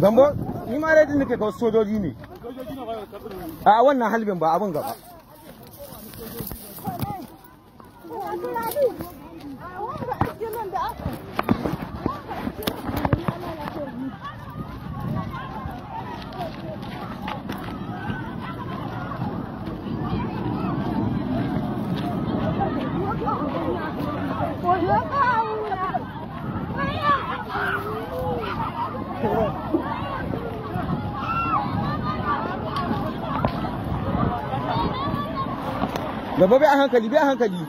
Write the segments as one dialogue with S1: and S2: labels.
S1: Gambo, ni ma dai nake ga sojoji ne. A wannan halbin ba abin gaba. gaba bai a hankali bai a hankali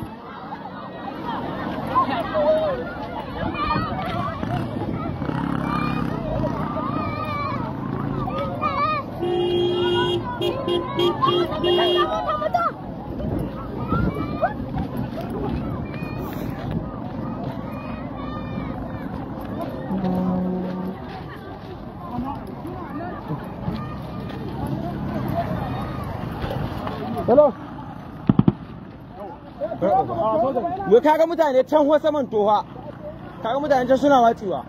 S1: Hello. wai kaga mutane can ho saman toha kaga mutane can suna watsewa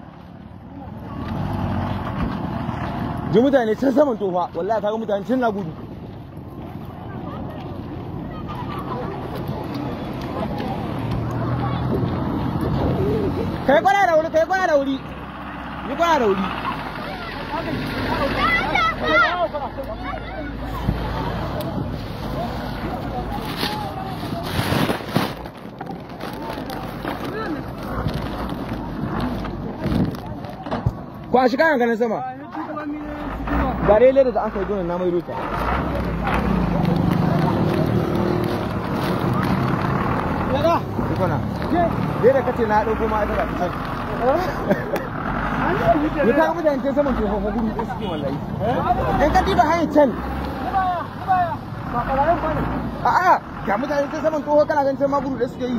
S1: ji mutane can saman toha wallahi kaga mutane can na gudu kai kwana da wuri kai kwana da wuri yi kwana da wuri kwashi kayan ganin sama ga da aka yi gona na mai ruta leda ikona leda kace na dauko ma ga ni ka mu da yanke saman ke gudu suke wallahi eh? ka diba hayin can a'a ga ta saman kana ganin ma gudu da suke yi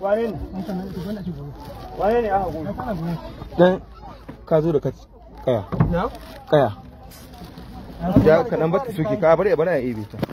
S1: wane ne ne aka gobe dan ka zo da kaya kaya ya ka nan ba ta suke ka bari ya bana ya ibe ta